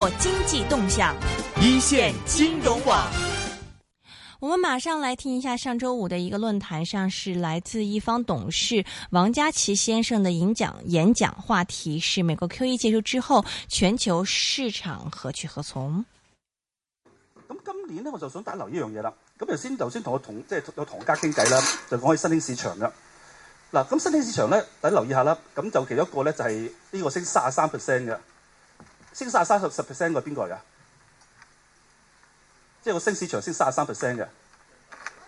我經濟動向，一線金融網。我們馬上來聽一下上周五的一個論壇上，是來自易方董事王家其先生的演講。演講話題是：美國 QE 結束之後，全球市場何去何從？咁今年呢，我就想大家留意一樣嘢啦。咁頭先頭先同我同即係有同家傾偈啦，就講起新興市場啦。嗱，咁新興市場咧，大家留意下啦。咁就其中一個咧，就係、是、呢個升三十三 percent 嘅。升曬三十十 percent 係邊個嚟噶？即係個升市場升三十三 percent 嘅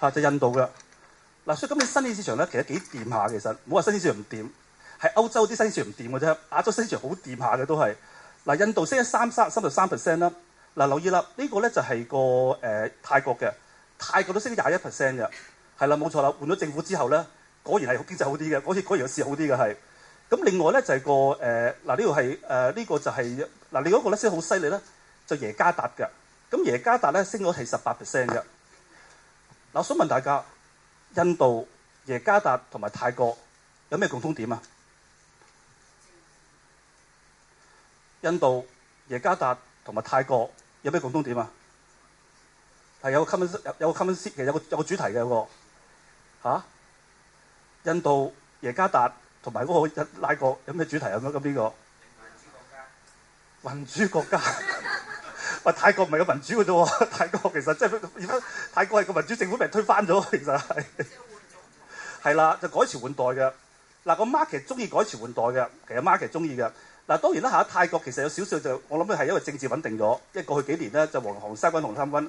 嚇，就是、印度嘅。嗱、啊，所以今你新興市場咧，其實幾掂下其實，冇好話新興市場唔掂，係歐洲啲新市場唔掂嘅啫。亞洲新市場好掂下嘅都係。嗱、啊，印度升咗三三三十三 percent 啦。嗱、啊，留意啦，呢、呢個咧就係個誒泰國嘅，泰國都升廿一 percent 嘅，係啦冇錯啦。換咗政府之後咧，果然係經濟好啲嘅，好似果然有事好啲嘅係。咁另外咧就係個誒嗱呢度係誒，呢個就係。嗱，另外一個咧升好犀利咧，就耶加達嘅。咁耶加達咧升咗係十八 percent 嘅。嗱，我想問大家，印度耶加達同埋泰國有咩共通點，共通點啊？印度耶加達同埋泰國有咩共通點啊？係有個 common 有個 common theme 有個有個主題嘅，有個吓？印度耶加達。同埋嗰個拉國有咩主題啊？咁咁呢個民主國家，民主國家，喂，泰國唔係個民主嘅啫喎。泰國其實即係而家泰國係個民主政府，被推翻咗，其實係係啦，就改朝換代嘅嗱。個 market 其實中意改朝換代嘅，其實 market 其實中意嘅嗱。當然啦，喺泰國其實有少少就我諗咧，係因為政治穩定咗，因為過去幾年咧就黃衫軍、紅衫軍。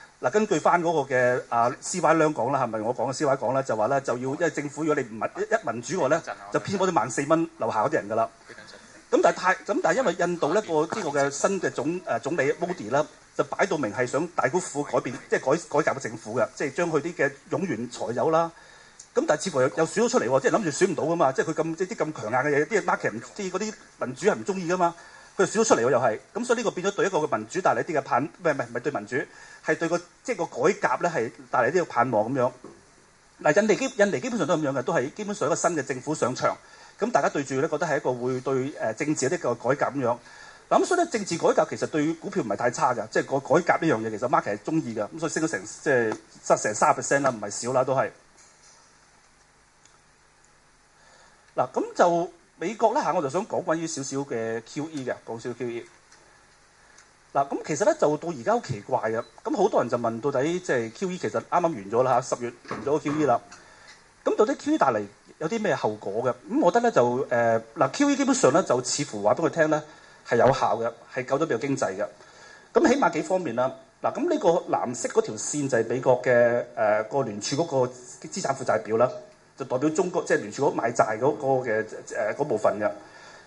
嗱，根據翻嗰個嘅 CY Leung 講啦，係咪我講嘅 CY 講啦，就話咧就要，因為政府如果你唔係一民主嘅話咧，就偏幫啲萬四蚊樓下嗰啲人㗎啦。咁但係太，咁但係因為印度咧個呢個嘅新嘅總誒總理 Modi 啦，就擺到明係想大規模改變，即係改改組政府嘅，即係將佢啲嘅冗員財有啦。咁但係似乎又又選咗出嚟喎，即係諗住選唔到㗎嘛，即係佢咁即啲咁強硬嘅嘢，啲 market 啲嗰啲民主係唔中意㗎嘛。佢少咗出嚟喎，又係咁，所以呢個變咗對一個民主帶嚟啲嘅盼，唔係唔係唔係對民主，係對個即係、就是、個改革咧，係帶嚟啲嘅盼望咁樣。嗱，印尼基印尼基本上都咁樣嘅，都係基本上一個新嘅政府上場，咁大家對住咧覺得係一個會對誒政治有啲嘅改革咁樣。嗱，咁所以咧政治改革其實對股票唔係太差嘅，即係個改革呢樣嘢其實 market 係中意嘅，咁所以升咗成即係得成三十 percent 啦，唔係少啦都係。嗱，咁就。美國啦嚇，我就想講關於少少嘅 QE 嘅，講少 QE。嗱，咁其實咧就到而家好奇怪嘅，咁好多人就問到底即係 QE 其實啱啱完咗啦嚇，十月完咗個 QE 啦。咁到底 QE 帶嚟有啲咩後果嘅？咁我覺得咧就誒嗱、呃，QE 基本上咧就似乎話俾佢聽咧係有效嘅，係救咗比較經濟嘅。咁起碼幾方面啦。嗱，咁呢個藍色嗰條線就係美國嘅誒個聯儲嗰個資產負債表啦。就代表中國即係聯儲局買債嗰個嘅誒嗰部分嘅，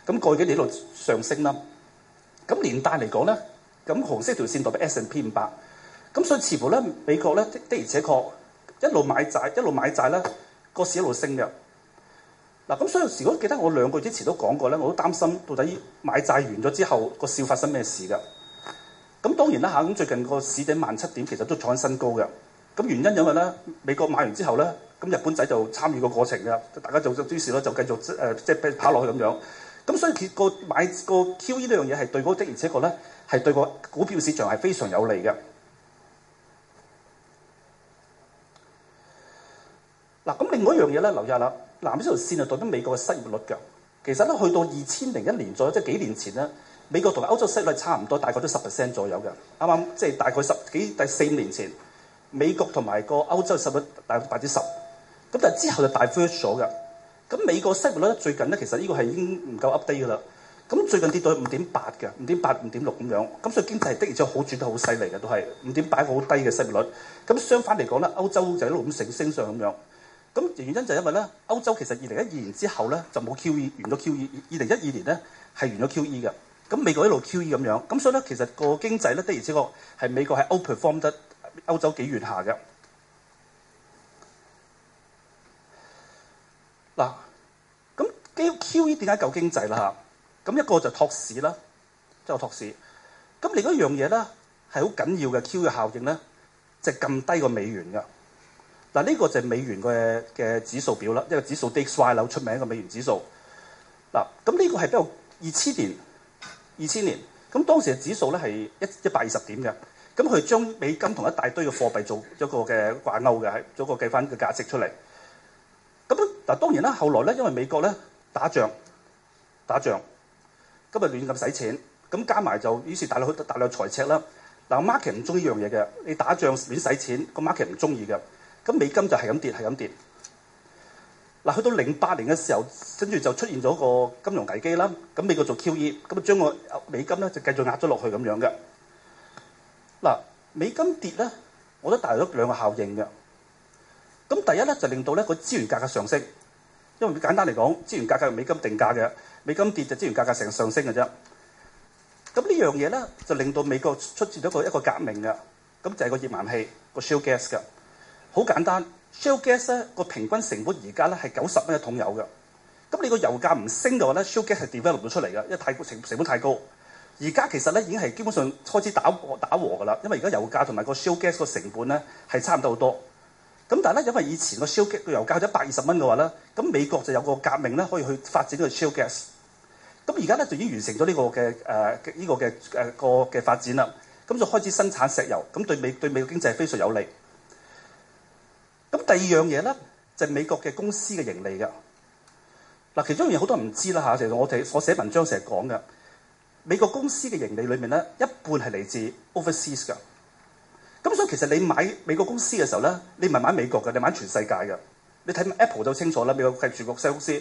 咁過幾年一路上升啦。咁連帶嚟講咧，咁紅色條線代表 S and P 五百，咁所以似乎咧美國咧的的而且確一路買債一路買債咧個市一路升嘅。嗱，咁所以時我記得我兩個月之前都講過咧，我都擔心到底買債完咗之後個市發生咩事㗎。咁當然啦嚇，咁最近個市頂萬七點其實都創新高嘅。咁原因因為咧美國買完之後咧。咁日本仔就參與個過程啦，大家就做咗啲事咯，就繼續誒即係跑落去咁樣。咁所以佢個買個 QE 呢樣嘢係對嗰啲，而且確咧係對個股票市場係非常有利嘅。嗱，咁另外一樣嘢咧，留意下啦，藍色條線啊代表美國嘅失業率嘅。其實咧去到二千零一年左右，即係幾年前咧，美國同歐洲失業率差唔多，大概都十 percent 左右嘅。啱啱即係大概十幾第四年前，美國同埋個歐洲失業大概百分之十。咁但係之後就大 diverge 咗㗎。咁美國失業率咧最近咧，其實呢個係已經唔夠 update 㗎啦。咁最近跌到五點八嘅，五點八、五點六咁樣。咁所以經濟的而且確好轉得好犀利嘅，都係五點八個好低嘅失業率。咁相反嚟講咧，歐洲就一路咁成升上咁樣。咁原因就因為咧，歐洲其實二零一二年之後咧就冇 QE 完咗 QE。二零一二年咧係完咗 QE 嘅。咁美國一路 QE 咁樣。咁所以咧，其實個經濟咧的而且確係美國係 outperform 得歐洲幾遠下嘅。嗱，咁 Q、啊、Q E 點解救經濟啦？咁一個就托市啦，即係托市。咁、就是、另一樣嘢咧係好緊要嘅 Q 嘅、e、效應咧，就係、是、撳低個美元嘅嗱，呢、啊這個就係美元嘅嘅指數表啦，一個指數 DXY 樓 i e 出名嘅美元指數。嗱、啊，咁呢個係比較二千年、二千年咁當時嘅指數咧係一一百二十點嘅。咁佢將美金同一大堆嘅貨幣做一個嘅掛鈎嘅，係做一個計翻嘅價值出嚟。咁，當然啦，後來呢，因為美國呢打仗打仗，今日亂咁使錢，咁加埋就於是大量大量財赤啦。嗱，market 唔中意呢樣嘢嘅，你打仗亂使錢，個 market 唔中意嘅，咁美金就係咁跌，係咁跌。嗱，去到零八年嘅時候，跟住就出現咗個金融危機啦。咁美國做 QE，咁啊將我美金呢就繼續壓咗落去咁樣嘅。美金跌呢，我都帶來咗兩個效應嘅。咁第一咧就令到咧個資源價格上升，因為簡單嚟講，資源價格係美金定價嘅，美金跌就資源價格成日上升嘅啫。咁呢樣嘢就令到美國出現一個一個革命嘅，咁就係個頁岩氣個 shale gas 嘅。好簡單，shale gas 個平均成本而家呢係九十蚊一桶油嘅。咁個油價唔升嘅話呢，shale gas 係 develop 唔出嚟嘅，因為太成成本太高。而家其實已經係基本上開始打打和嘅啦，因為而家油價同埋個 shale gas 個成本咧係差唔多好多。咁但係咧，因為以前個石油價係一百二十蚊嘅話咧，咁美國就有個革命咧，可以去發展個 shale gas。咁而家咧就已經完成咗呢、這個嘅誒呢個嘅誒、呃這個嘅、呃這個、發展啦。咁就開始生產石油，咁對美對美國經濟非常有利。咁第二樣嘢咧就係、是、美國嘅公司嘅盈利嘅。嗱，其中一樣好多人唔知啦嚇，其實我哋所寫文章成日講嘅美國公司嘅盈利裏面咧，一半係嚟自 overseas 嘅。咁所以其實你買美國公司嘅時候呢，你唔係買美國嘅，你買全世界嘅。你睇 Apple 就清楚啦，美國係全球細公司，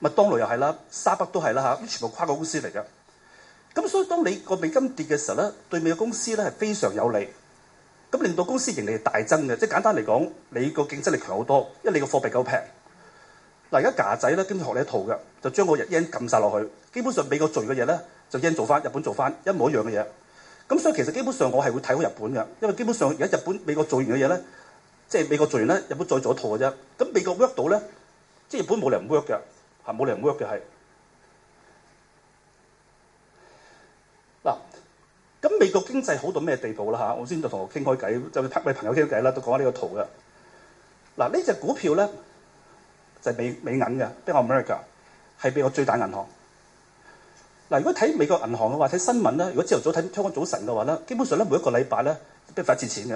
麥當勞又係啦，沙巴都係啦嚇，都全部跨國公司嚟㗎。咁所以當你個美金跌嘅時候呢，對美國公司呢係非常有利，咁令到公司盈利大增嘅。即係簡單嚟講，你個競爭力強好多，因為你個貨幣夠平。嗱，而家齋仔呢跟住學呢一套嘅，就將個日 y n 撳晒落去。基本上，美國做嘅嘢呢，就 yen 做返日本做返一模一樣嘅嘢。咁所以其實基本上我係會睇好日本嘅，因為基本上而家日本美國做完嘅嘢咧，即係美國做完咧，日本再做一套嘅啫。咁美國 work 到咧，日本冇理由唔 work 嘅，係冇理由唔 work 嘅係。嗱，咁美國經濟好到咩地步啦？嚇，我先就同傾開偈，就同朋友傾偈啦，都講下呢個圖嘅。嗱，呢隻股票呢，就係美美銀嘅 Bank of America，係美國最大銀行。嗱，如果睇美國銀行嘅話，睇新聞咧；如果朝早睇香港早晨嘅話咧，基本上咧每一個禮拜咧，都不斷借錢嘅。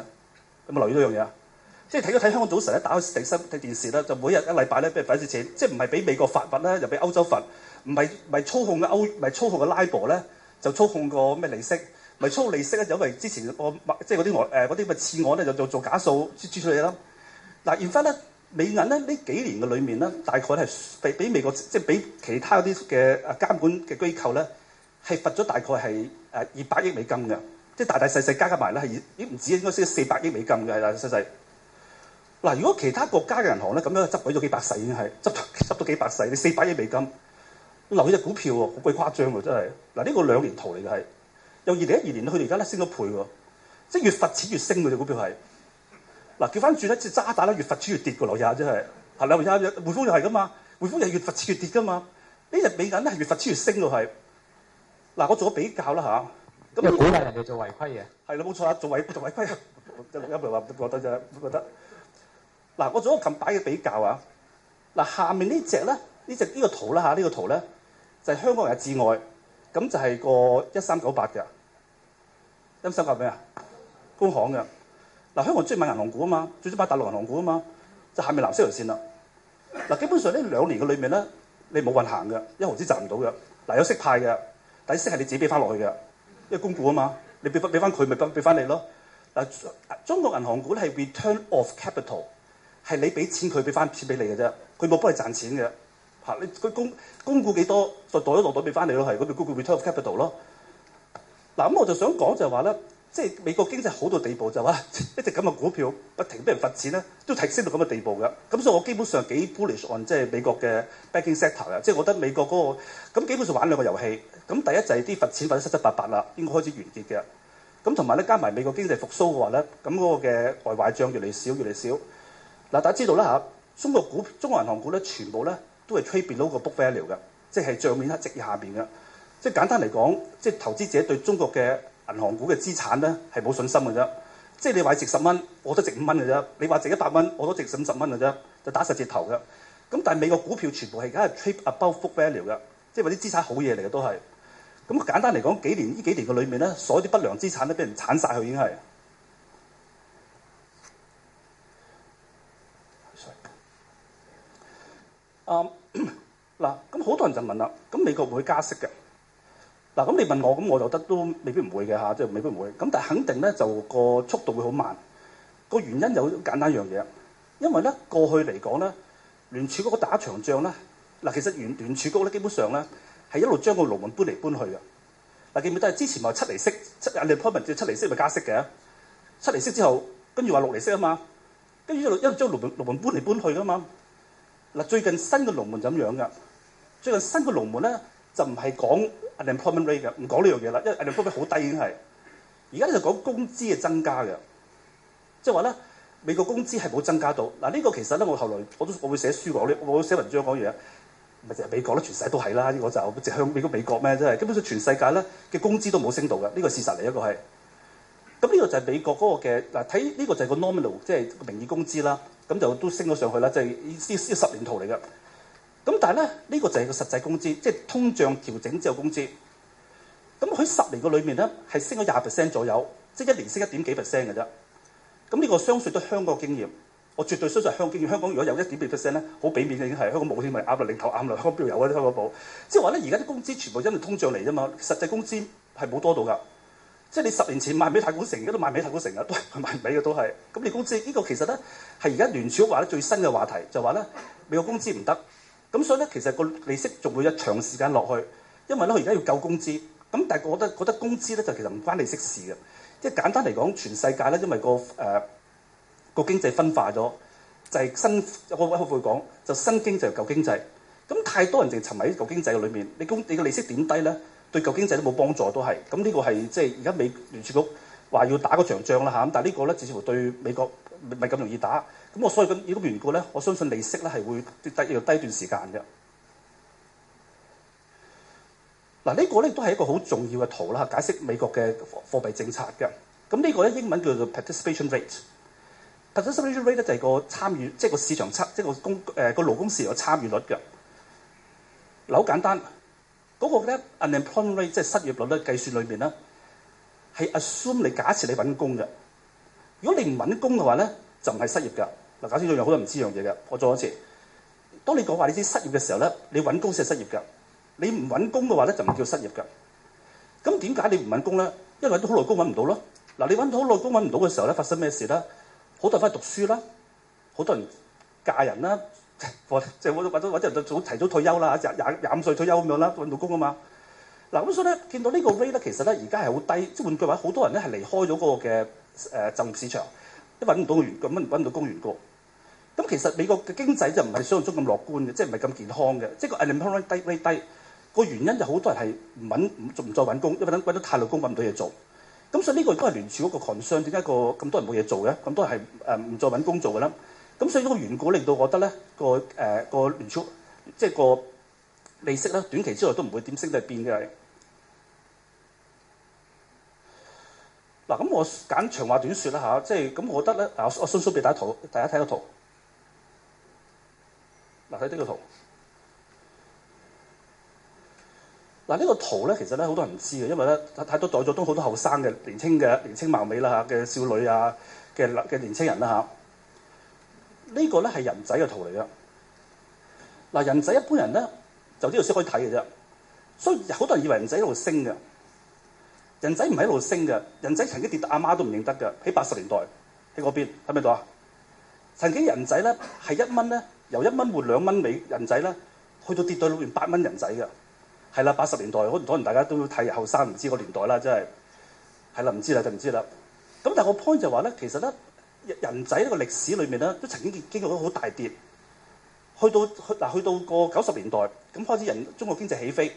有冇留意呢樣嘢啊？即係睇咗睇香港早晨咧，打開第三睇電視咧，就每日一禮拜咧、就是，不斷借錢。即係唔係俾美國發罰咧，又俾歐洲罰？唔係唔操控嘅歐，唔操控嘅拉布咧，就操控個咩利息？唔係操控利息咧，就因為之前我即係嗰啲外啲次案咧，就做、是、做假數出出嚟咯。嗱，言返咧。美銀咧呢幾年嘅裏面咧，大概係比比美國即係比其他啲嘅啊監管嘅機構咧，係罰咗大概係誒二百億美金嘅，即係大大細細加加埋咧係已經唔止，應該四百億美金嘅，係啦細細。嗱，如果其他國家嘅銀行咧咁樣執鬼咗幾百世已經係執執到幾百世，你四百億美金，留起隻股票喎，好鬼誇張喎真係。嗱呢個兩年圖嚟嘅係，由二零一二年去到而家咧升咗倍喎，即係越罰錢越升佢隻股票係。嗱，調翻轉咧，隻渣打咧越發黐越跌嘅，樓價真係係啦，匯豐又係嘅嘛，匯豐又越發黐越跌嘅嘛，呢隻美銀咧越發黐越升嘅係，嗱我做個比較啦吓。咁啊鼓勵人哋做違規嘅，係啦冇錯啊，做違做違規啊，有錄音話唔覺得啫，唔得，嗱我做個近擺嘅比較啊，嗱下面呢隻咧，呢隻呢隻、這個圖啦吓，呢、這個圖咧就係、是、香港人嘅至愛咁就係個一三九八嘅，音三九咩啊，工行嘅。嗱，香港中意買銀行股啊嘛，最中意買大陸銀行股啊嘛，就下面藍色條線啦。嗱，基本上呢兩年嘅裏面咧，你冇運行嘅，一毫子賺唔到嘅。嗱，有息派嘅，底息係你自己俾翻落去嘅，因為供股啊嘛，你俾翻俾翻佢，咪俾俾翻你咯。嗱，中國銀行股係 return of capital，係你俾錢佢俾翻錢俾你嘅啫，佢冇幫你賺錢嘅。嚇，佢供供股幾多，就袋一攞袋俾翻你咯，係嗰條供股 return of capital 咯。嗱，咁我就想講就係話咧。即係美國經濟好到地步就話一隻咁嘅股票不停俾人罰錢咧，都提升到咁嘅地步嘅。咁所以我基本上幾 bullish on 即係美國嘅 banking sector 嘅。即係我覺得美國嗰、嗰個咁基本上玩兩個遊戲。咁第一就係啲罰錢罰得七七八八啦，應該開始完結嘅。咁同埋咧加埋美國經濟復甦嘅話咧，咁嗰個嘅外壞帳越嚟越少越嚟越少。嗱越越大家知道啦吓，中國股中國銀行股咧，全部咧都係 trading below the book value 嘅，即係帳面值下面嘅。即係簡單嚟講，即係投資者對中國嘅。銀行股嘅資產咧係冇信心嘅啫，即係你話值十蚊，我都值五蚊嘅啫；你話值一百蚊，我都值五十蚊嘅啫，就打晒折頭嘅。咁但係美國股票全部係而家係 trip above Full value 嘅，即係話啲資產好嘢嚟嘅都係。咁簡單嚟講，幾年呢幾年嘅裏面咧，所有啲不良資產咧俾人鏟晒，佢已經係。啊 Sorry.、um,，嗱，咁好多人就問啦，咁美國會加息嘅？嗱，咁你問我，咁我就覺得都未必唔會嘅嚇，即係未必唔會。咁但係肯定咧，就個速度會好慢。個原因有簡單一樣嘢，因為咧過去嚟講咧，聯儲局打場仗咧，嗱其實聯聯儲局咧基本上咧係一路將個龍門搬嚟搬去嘅。嗱，記唔記得係之前咪七厘息，七利率開明叫七厘息咪加息嘅？七厘息之後，跟住話六厘息啊嘛，跟住一路一路將龍龍門搬嚟搬去㗎嘛。嗱，最近新嘅龍門就咁樣嘅，最近新嘅龍門咧。就唔係講 unemployment rate 嘅，唔講呢樣嘢啦，因為 unemployment 好低已經係。而家就講工資嘅增加嘅，即係話咧，美國工資係冇增加到。嗱、這、呢個其實咧，我後來我都我會寫書講，我會寫文章講嘢、那個，咪就係美國啦，全世界都係啦，呢、這個就直向美國美國咩？即係基本上全世界咧嘅工資都冇升到嘅，呢、這個事實嚟一個係。咁呢個就係美國嗰個嘅嗱，睇、這、呢個就係個 nominal，即係個名義工資啦，咁就都升咗上去啦，即係呢呢十年圖嚟嘅。咁但係咧，呢、這個就係個實際工資，即係通脹調整之後工資。咁佢十年個裏面咧，係升咗廿 percent 左右，即係一年升一點幾 percent 嘅啫。咁呢個相信都香港經驗，我絕對相信香港經驗。香港如果有一點二 percent 咧，好俾面嘅已經係香港冇添埋鴨落領頭鴨啦，香港邊度有，、就是、有啊啲香港佬？即係話咧，而家啲工資全部因為通脹嚟啫嘛，實際工資係冇多到㗎。即係你十年前賣畀太古城，而家都賣畀太古城㗎，都係賣畀嘅都係。咁你工資呢個其實咧係而家聯儲局話咧最新嘅話題，就話、是、咧美國工資唔得。咁所以咧，其實個利息仲會有長時間落去，因為咧，我而家要夠工資。咁但係我覺得覺得工資咧就其實唔關利息事嘅，即係簡單嚟講，全世界咧，因為個誒、呃、個經濟分化咗，就係、是、新我會講就新經濟舊經濟。咁太多人就沉迷喺舊經濟裏面，你工你個利息點低咧，對舊經濟都冇幫助都係。咁呢個係即係而家美聯儲局話要打個場仗啦嚇，但係呢個咧似乎對美國唔係咁容易打。咁我所以咁呢個緣故咧，我相信利息咧係會跌低又低一段時間嘅。嗱，呢個咧都係一個好重要嘅圖啦，解釋美國嘅貨幣政策嘅。咁、這、呢個咧英文叫做 participation rate，participation rate 咧 rate 就係個參與，即、就、係、是、個市場測，即、就、係、是、個工誒個勞工市嘅參與率嘅。嗱，好簡單，嗰、那個咧 unemployment rate 即係失業率咧計算裏面咧係 assume 你假設你揾工嘅，如果你唔揾工嘅話咧就唔係失業㗎。嗱，假使仲有好多唔知樣嘢嘅，我再講一次。當你講話你啲失業嘅時候咧，你揾工先係失業㗎。你唔揾工嘅話咧，就唔叫失業㗎。咁點解你唔揾工咧？因為都好耐工揾唔到咯。嗱，你揾到好耐工揾唔到嘅時候咧，發生咩事咧？好多人翻去讀書啦，好多人嫁人啦，即係即係揾揾咗揾人就早提早退休啦，廿廿廿五歲退休咁樣啦，揾到工啊嘛。嗱，咁所以咧，見到呢個 rate 咧，其實咧而家係好低，即係換句話，好多人咧係離開咗嗰個嘅誒就業市場。因為唔到個原，咁樣唔揾到工源股。咁其實美國嘅經濟就唔係想像中咁樂觀嘅，即係唔係咁健康嘅，即係個 unemployment rate 低低個原因就好多人係揾唔再揾工，因為等揾太耐工揾唔到嘢做。咁所以呢個亦都係聯儲嗰個 concern，點解個咁多人冇嘢做嘅？咁多人係唔再揾工做嘅啦。咁所以呢個原故令到我覺得咧，嗰個誒、嗰個聯儲即係個利息咧，短期之內都唔會點升定變嘅。咁我揀長話短説啦吓，即係咁，我覺得咧，嗱我迅速畀大家圖，大家睇個圖。嗱，睇呢個圖。嗱、這、呢個圖咧，其實咧好多人唔知嘅，因為咧太睇到在座都好多後生嘅、年青嘅、年青貌美啦嚇嘅少女啊嘅嘅年青人啦、啊、吓、呢、這個咧係人仔嘅圖嚟嘅。嗱人仔一般人咧，就呢度先可以睇嘅啫，所以好多人以為人仔一度升嘅。人仔唔喺度升嘅，人仔曾經跌到阿媽都唔認得嘅。喺八十年代喺嗰邊係咪度啊？曾經人仔咧係一蚊咧，由一蚊換兩蚊美人仔咧，去到跌到連八蚊人仔嘅係啦。八十年代可能可能大家都要太後生，唔知個年代啦，真係係啦，唔知啦就唔知啦。咁但係個 point 就話咧，其實咧人仔呢個歷史裏面咧都曾經經歷咗好大跌，去到去嗱去到個九十年代咁開始人中國經濟起飛，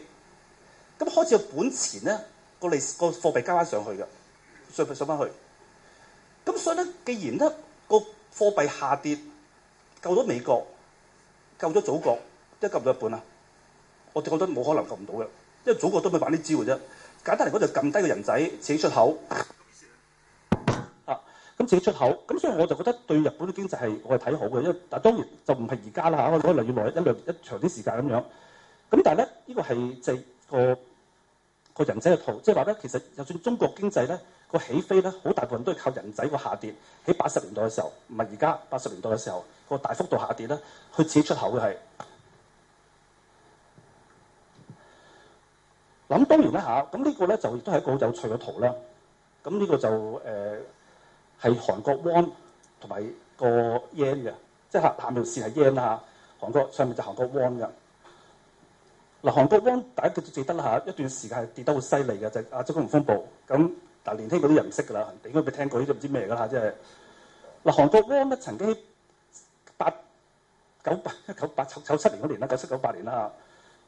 咁開始有本錢咧。個利個貨幣加翻上去嘅，上上翻去。咁所以咧，既然咧個貨幣下跌，救咗美國，救咗祖國，即係救咗日本啊，我覺得冇可能救唔到嘅，因為祖國都未玩啲支援啫。簡單嚟講，就撳低個人仔自己出口。啊，咁自己出口。咁所以我就覺得對日本嘅經濟係我係睇好嘅，因為但當然就唔係而家啦，我可能要耐一一長啲時間咁樣。咁但係咧，呢、這個係就係個個人仔嘅圖，即係話咧，其實就算中國經濟咧個起飛咧，好大部分都係靠人仔個下跌。喺八十年代嘅時候，唔係而家，八十年代嘅時候、個大幅度下跌咧，去刺激出口嘅係。諗、嗯、當然啦吓，咁呢個咧就亦都係一個好有趣嘅圖啦。咁呢個就誒係、呃、韓國 Won 同埋個 Yen 嘅，即、就、係、是、下面線係 Yen 嚇，韓國上面就韓國 Won 嘅。嗱，韓國汪大家記記得啦嚇，一段時間係跌得好犀利嘅，就係亞洲金融風暴。咁但係，年輕嗰啲人唔識噶啦，應該未聽過呢啲唔知咩嚟噶啦，即係嗱韓國汪咧，曾經八九八九八九七年年啦，九七九八年啦，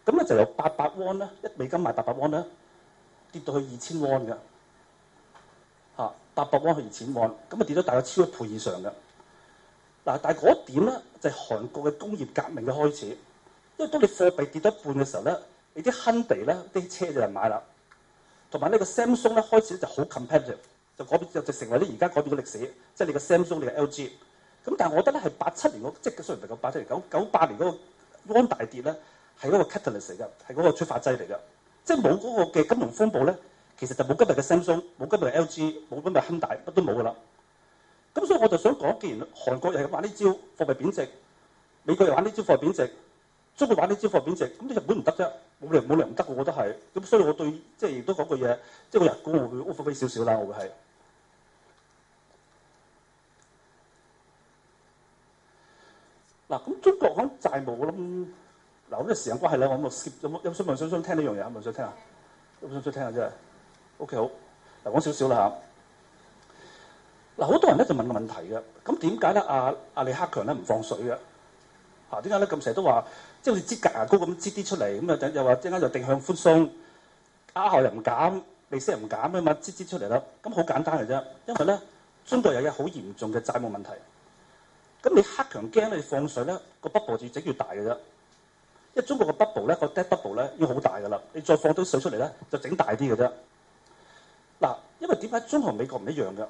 咁咧就由八百汪啦，一美金賣八百汪啦，跌到去二千汪嘅嚇，八百汪去二千汪，咁啊跌咗大概超一倍以上嘅。嗱，但係嗰點咧就係韓國嘅工業革命嘅開始。所以當你貨幣跌到一半嘅時候咧，你啲亨地咧啲車就嚟買啦，同埋呢個 Samsung 咧開始咧就好 competitive，就嗰邊就成為啲而家嗰邊嘅歷史，即係你個 Samsung 你嘅 LG。咁但係我覺得咧係八七年個即係雖然唔係九八七年九九八年嗰個安大跌咧係嗰個 catalyst 嚟嘅，係嗰個出發劑嚟嘅。即係冇嗰個嘅金融風暴咧，其實就冇今日嘅 Samsung 冇今日嘅 LG 冇今日嘅亨大乜都冇㗎啦。咁所以我就想講，既然韓國又係玩呢招貨幣貶值，美國又玩呢招貨幣貶值。中國玩啲資貨貶值，咁啲日本唔得啫，冇理冇理唔得嘅，我覺得係。咁所以我對即係亦都講句嘢，即係個日股會 over 飛少少啦，我係。嗱，咁中國講債務啦，嗱我啲時間關係咧，我咁就 skip，有冇有冇想唔想唔想聽呢樣嘢啊？唔想聽啊？有冇想唔想聽啊？真係。OK 好，嗱講少少啦嚇。嗱好多人咧就問問題嘅，咁點解咧？阿阿李克強咧唔放水嘅？嚇點解咧？咁成日都話。即係好似擠隔牙膏咁擠啲出嚟，咁又又話陣間就定向寬鬆，R 又唔減，利息又唔減啊嘛，擠擠出嚟咯。咁好簡單嘅啫，因為咧中國有有好嚴重嘅債務問題。咁你黑強驚你放水咧、那個 bubble 越整越大嘅啫，因為中國個 bubble 咧個 debt bubble 咧已經好大㗎啦。你再放到水出嚟咧就整大啲嘅啫。嗱，因為點解中國同美國唔一樣嘅？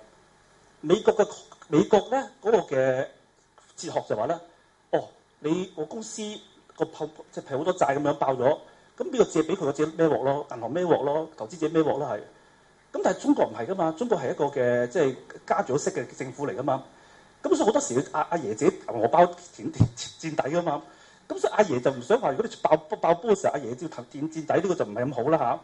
美國嘅美國咧嗰、那個嘅哲學就話咧：哦，你我公司。個泡即係好多債咁樣爆咗，咁呢個借俾佢嘅自己孭鑊咯？銀行孭鑊咯？投資者孭鑊啦？係，咁但係中國唔係噶嘛？中國係一個嘅即係家長式嘅政府嚟噶嘛？咁所以好多時阿阿爺，爺自己我包墊墊墊底噶嘛？咁所以阿爺，爺就唔想話如果你爆爆波嘅時候阿爺，爺要投墊墊底呢個就唔係咁好啦嚇。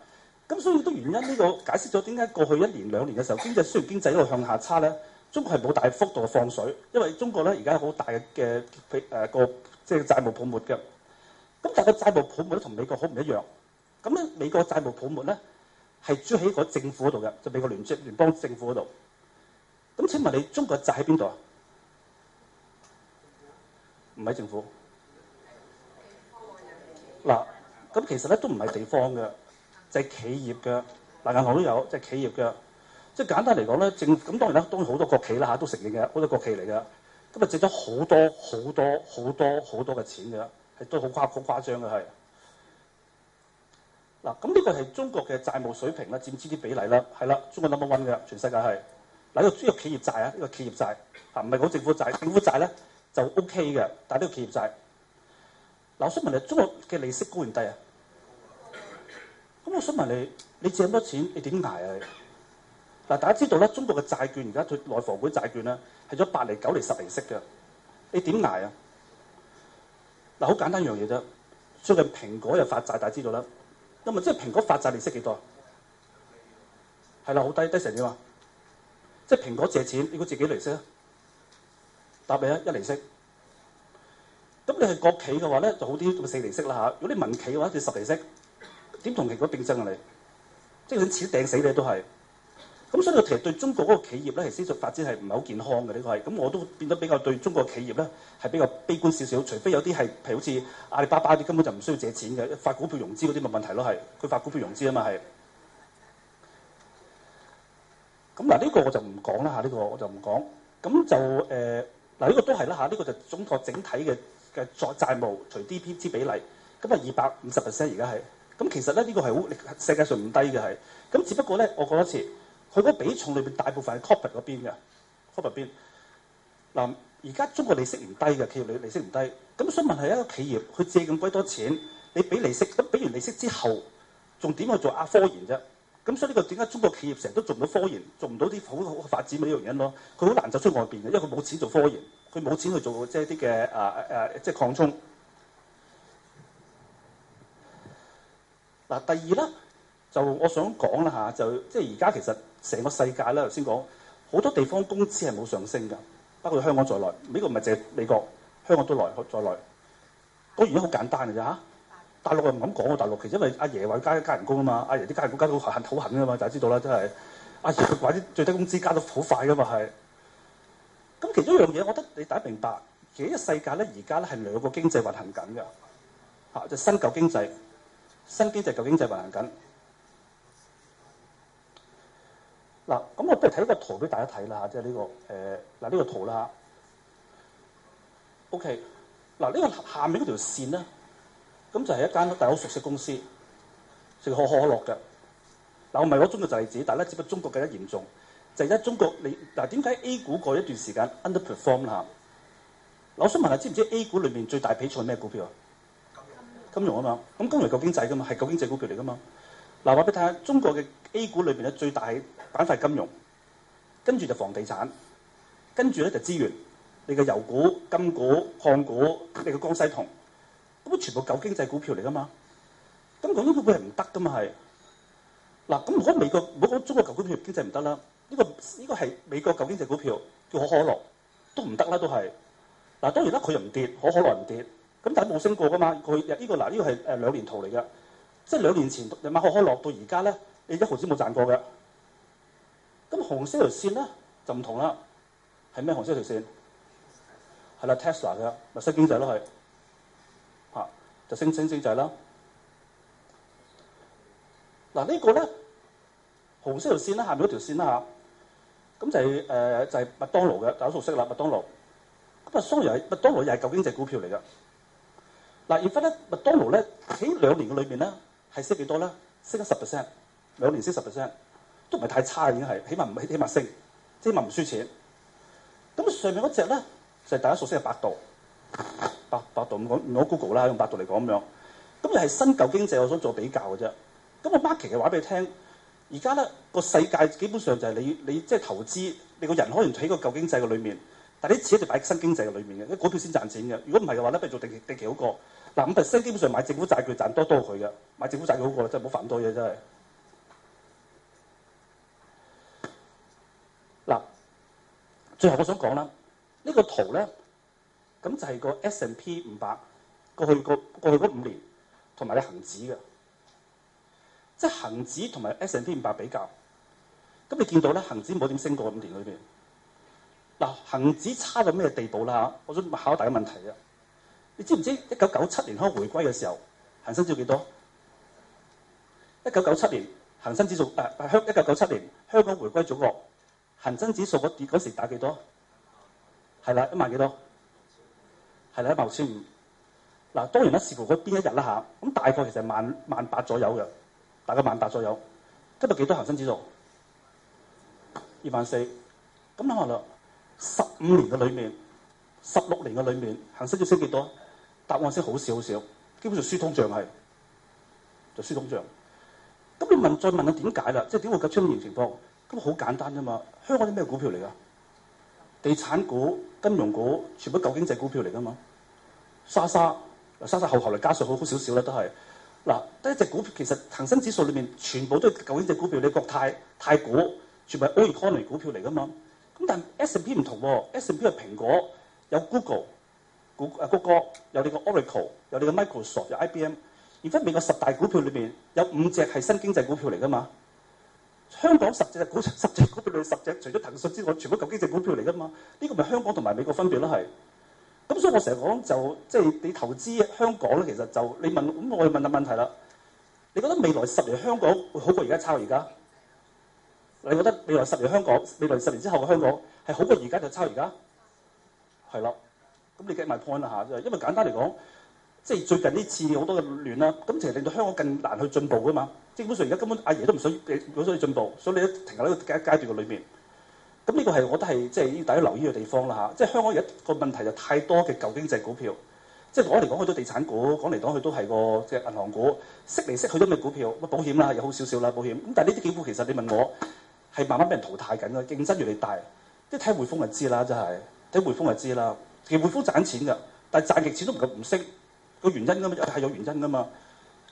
咁所以都原因呢個解釋咗點解過去一年兩年嘅時候經濟雖然經濟一度向下差咧，中國係冇大幅度嘅放水，因為中國咧而家好大嘅譬如誒個即係債務泡沫嘅。咁但係個債務泡沫都同美國好唔一樣。咁咧，美國債務泡沫咧係住喺個政府度嘅，就美國聯接聯邦政府嗰度。咁請問你中國債喺邊度啊？唔係政府。嗱，咁其實咧都唔係地方嘅，就係企業嘅，銀行都有，即係企業嘅。即係簡單嚟講咧，政咁當然咧，當然好多國企啦嚇，都承認嘅，好多國企嚟嘅，咁啊借咗好多好多好多好多嘅錢嘅。係都好誇好誇張嘅係，嗱咁呢個係中國嘅債務水平啦，佔之啲比例啦，係啦，中國 number one 嘅，全世界係。嗱呢個主要企業債啊，呢、呢個呢個企業債吓唔係講政府債，政府債咧就 OK 嘅，但係呢個企業債。嗱、啊，我想問你，中國嘅利息高定低啊？咁、啊、我想問你，你借咁多錢，你點捱啊？嗱、啊，大家知道啦，中國嘅債券而家佢內房股債券咧係咗八厘、九厘、十厘息嘅，你點捱啊？好簡單一樣嘢啫，最近蘋果又發債，大家知道啦。咁啊，即係蘋果發債利息幾多？係啦，好低，低成點啊？即係蘋果借錢，如果自己利息咧，答你啦，一釐息。咁你係國企嘅話咧，就好啲，咁四釐息啦嚇。如果你民企嘅話，就十釐息。點同蘋果競爭啊你？即係啲錢掟死你都係。咁所以其實對中國嗰個企業咧，係持續發展係唔係好健康嘅呢個係咁，我都變得比較對中國企業咧係比較悲觀少少。除非有啲係譬如好似阿里巴巴啲根本就唔需要借錢嘅發股票融資嗰啲咪問題咯，係佢發股票融資啊嘛係。咁嗱，呢個我就唔講啦嚇，呢個我就唔講。咁就誒嗱，呢個都係啦嚇，呢個就中國整體嘅嘅作債務除 GDP 比例咁啊二百五十 percent 而家係咁，其實咧呢個係好世界上唔低嘅係咁，只不過咧我覺得次。佢個比重裏邊大部分喺 copy 嗰邊嘅 copy 邊嗱，而家中國利息唔低嘅，企業利利息唔低，咁想問係一個企業佢借咁鬼多錢，你俾利息咁俾完利息之後，仲點去做壓科研啫？咁所以呢個點解中國企業成日都做唔到科研，做唔到啲好好發展嘅呢個原因咯。佢好難走出外邊嘅，因為佢冇錢做科研，佢冇錢去做即係啲嘅誒誒，即係擴、啊啊、充。嗱，第二啦，就我想講啦嚇，就即係而家其實。成個世界啦，頭先講好多地方工資係冇上升噶，包括香港在內。美國唔係淨係美國，香港都來在內。個原因好簡單嘅啫嚇。大陸又唔敢講喎，大陸其實因為阿爺話加加人工啊嘛，阿爺啲加人工加到好狠好狠啊嘛，大家知道啦，真係阿爺話啲最低工資加得好快噶嘛係。咁其中一樣嘢，我覺得你第一明白，其實世界咧而家咧係兩個經濟運行緊嘅嚇，就係，新舊經濟，新經濟舊經濟運行緊。嗱，咁、啊、我不如睇一個圖俾大家睇啦，即係呢個誒嗱呢個圖啦 O K，嗱呢個下面嗰條線咧，咁就係一間大好熟悉公司，即係可口可樂嘅。嗱、啊，我唔係攞中國就例子，但係只不過中國更加嚴重，就係、是、一中國你嗱點解 A 股過一段時間 underperform 啦？嗱、啊，我想問下，知唔知 A 股裏面最大比賽咩股票，融股票啊？金融金啊嘛，咁金融舊經濟㗎嘛，係舊經濟股票嚟㗎嘛。嗱，話俾你睇下中國嘅 A 股裏面咧最大。板塊金融，跟住就房地產，跟住咧就資源，你嘅油股、金股、礦股，你嘅江西銅，咁全部舊經濟股票嚟噶嘛？咁舊經濟股係唔得噶嘛？係嗱咁。如果美國如果講中國舊經濟股票經濟唔得啦，呢個呢個係美國舊經濟股票叫可可樂都唔得啦，都係嗱。當然啦，佢又唔跌，可可樂唔跌咁，但係冇升過噶嘛。佢呢個嗱呢個係誒兩年圖嚟嘅，即係兩年前買可可樂到而家咧，你一毫子冇賺過嘅。咁紅色條線咧就唔同啦，係咩紅色條線？係啦，Tesla 嘅綠色經濟咯，係嚇就升升升仔啦。嗱呢個咧紅色條線咧下面嗰條線啦嚇，咁就誒就係麥當勞嘅，大家熟悉啦，麥當勞咁啊，當然係麥當勞又係舊經濟股票嚟㗎。嗱而家咧麥當勞咧喺兩年嘅裏面咧係升幾多咧？升咗十 percent，兩年升十 percent。都唔係太差嘅，已經係起碼唔起起碼升，即係起碼唔輸錢。咁上面嗰隻咧就係、是、大家熟悉嘅百度，百百度咁講攞 Google 啦，用百度嚟講咁樣。咁又係新舊經濟，我想做比較嘅啫。咁我 Mark 其嘅話俾你聽，而家咧個世界基本上就係你你即係投資，你個人可能喺個舊經濟嘅裏面，但係啲錢就擺喺新經濟嘅裏面嘅，因股票先賺錢嘅。如果唔係嘅話咧，不如做定期定期嗰個，嗱五十升基本上買政府債券賺多多佢嘅，買政府債券嗰個真係冇煩多嘢真係。最後我想講啦，呢個圖咧，咁就係個 S and P 五百過去個過去嗰五年同埋你恆指嘅，即係恆指同埋 S and P 五百比較，咁你見到咧恆指冇點升過五年裏邊，嗱恆指差到咩地步啦？我想考大家的問題啊，你知唔知一九九七年香港回歸嘅時候恒生指數幾多？一九九七年恆生指數誒香一九九七年香港回歸祖國。恆生指數嗰跌嗰時打幾多？係啦，一萬幾多？係啦，一萬五千五。嗱，當然啦，視乎嗰邊一日啦嚇。咁大概其實萬萬八左右嘅，大概萬八左右。今日幾多恆生指數？二萬四。咁你話啦，十五年嘅裏面，十六年嘅裏面，恆生指數幾多？答案先好少好少，基本上輸通脹係，就輸通脹。咁你問再問佢點解啦？即係點會出現呢種情況？咁好簡單啫嘛～香港啲咩股票嚟噶？地產股、金融股，全部係舊經濟股票嚟噶嘛？莎莎、莎莎後後嚟加上好好少少啦，都係嗱。得一隻股票其實恆生指數裏面全部都係舊經濟股票，你國泰、太古，全部係 old economy 股票嚟噶嘛？咁但係 S&P 唔同喎，S&P 係蘋果有 Google，Google Google 有你個 Oracle，有你個 Microsoft，有 IBM。而家美國十大股票裏面有五隻係新經濟股票嚟噶嘛？香港十隻股，十隻股票裏十隻，除咗騰訊之外，全部係舊經濟股票嚟噶嘛？呢、這個咪香港同埋美國分別啦，係。咁所以我成日講就即係、就是、你投資香港咧，其實就你問咁，我又要問下問題啦。你覺得未來十年香港會好過而家，差過而家？你覺得未來十年香港，未來十年之後嘅香港係好過而家就差過而家？係咯，咁你 get my point 啦嚇，因為簡單嚟講。即係最近呢次好多嘅亂啦，咁其實令到香港更難去進步噶嘛。基本上而家根本阿爺，爺都唔想，唔想去進步，所以你都停留喺呢個階段嘅裏面。咁、這、呢個係我覺得係即係要大家留意嘅地方啦吓，即係香港而家個問題就太多嘅舊經濟股票，即係講嚟講去都地產股，講嚟講去都係個即係銀行股，識嚟識去都係股票。乜保險啦，又好少少啦保險。咁但係呢啲股票其實你問我係慢慢俾人淘汰緊嘅，競爭越嚟越大，即係睇匯豐就知啦，真係睇匯豐就知啦。其實匯豐賺錢㗎，但係賺極錢都唔夠唔升。有原因噶嘛？一係有原因噶嘛？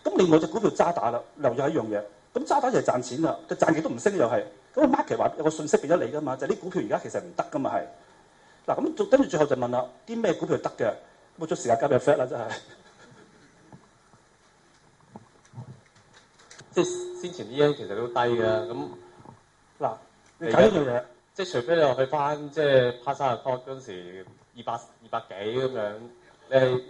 咁另外隻股票渣打啦，留咗一樣嘢。咁渣打就係賺錢啦，賺極都唔升又係。咁阿 market 話有個訊息俾咗你噶嘛，就係啲股票而家其實唔得噶嘛係。嗱咁跟住最後就問啦，啲咩股票得嘅？冇咗時間加入 fit 啦，真係。即係先前啲嘢其實都低嘅咁。嗱，你睇一樣嘢，即係除非你話去翻即係 pass out 嗰時二百二百幾咁樣，你係。